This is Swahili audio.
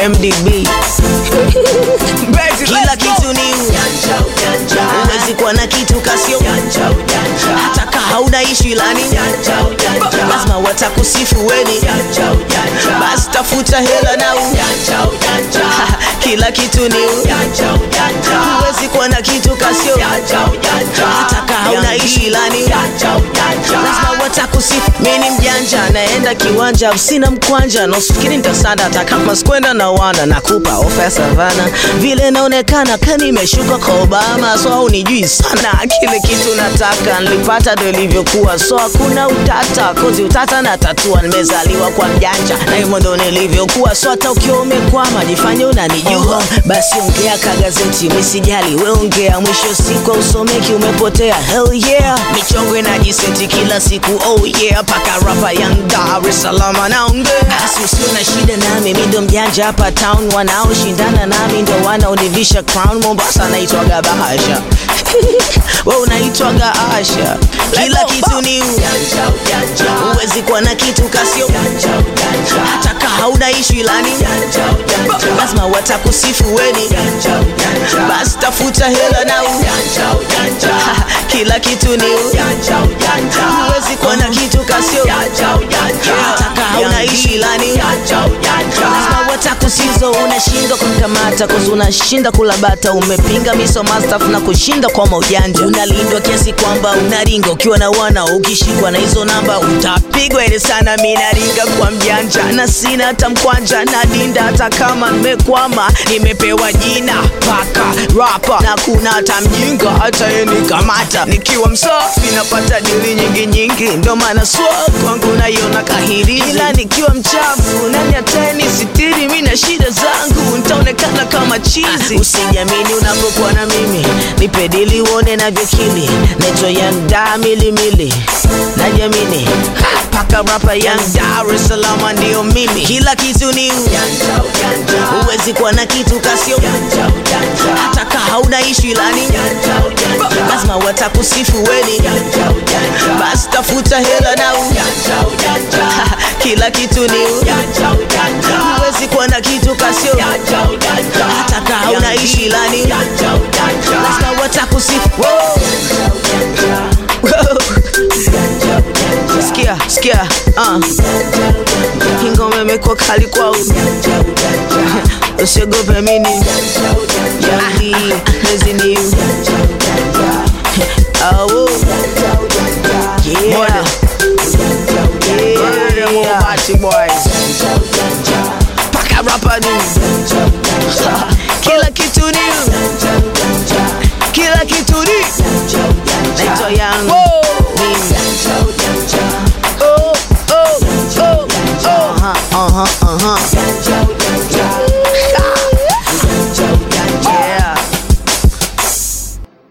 MDB kila kitu ni uwezi kuwa na kitu kasio hataka haunaishi lani lazima watakusifu weni basi tafuta hela na u kila kitu ni uwezi kuwa na kitu kasio hataka haunaishi lani lazima watakusifu mi ni mjanja naenda kiwanja usina mkwanja nasikiri nitasada hata kama sikwenda na wana nakupa ofa ya savana vile naonekana kanimeshuka kwa obama so aunijui sana kile kitu nataka nilipata ndo ilivyokuwa so hakuna utata kozi utata na tatua nimezaliwa kwa mjanja na hivyo ndo nilivyokuwa so hata ukiwa umekwama jifanye unanijua basi ongea kagazeti misijali we ongea mwisho siku usomeki umepotea hell yeah michongo inajiseti kila siku oh yeah paka rapa yang Dar es Salaam anaonge asi usio shida nami mido mjanja hapa town wanaoshindana nami ndo wanaonivisha crown Mombasa naitwaga bahasha we unaitwaga asha kila kitu ni uwezi kuwa na kitu kasio hata ka hauna ishu ilani lazima watakusifu weni basi tafuta hela nau kila kitu ni u. so unashindwa kumkamata kozi unashinda kulabata umepinga miso mastaf na kushinda kwa maujanja unalindwa kiasi kwamba unaringa ukiwa na wana ukishikwa na hizo namba utapigwa ile sana minaringa kwa mjanja na sina hata mkwanja na dinda hata kama nimekwama nimepewa jina paka rapa na kuna hata mjinga hata yenikamata nikiwa msafi napata dili nyingi nyingi ndo maana swa kwangu naiona kahiri ila nikiwa mchafu machizi Usijamini unapokuwa na mimi, nipedili dili uone navyokili. Naitwa Young Da milimili na jamini paka rapa yang Dar ndio mimi, kila kitu ni huwezi kuwa na kitu kasio, hata kaa hauna ishu ilani, lazima watakusifu weni, basi tafuta hela na u kila kitu ni huwezi kuwa na kitu kasio unaishi lani lazima watakusifu sikia uh. kali kwao usiogope mini yandi yeah. Boys. Pack a rapper, dude. kituri naitwa Oh, oh, oh, oh, uh-huh, uh-huh, uh-huh.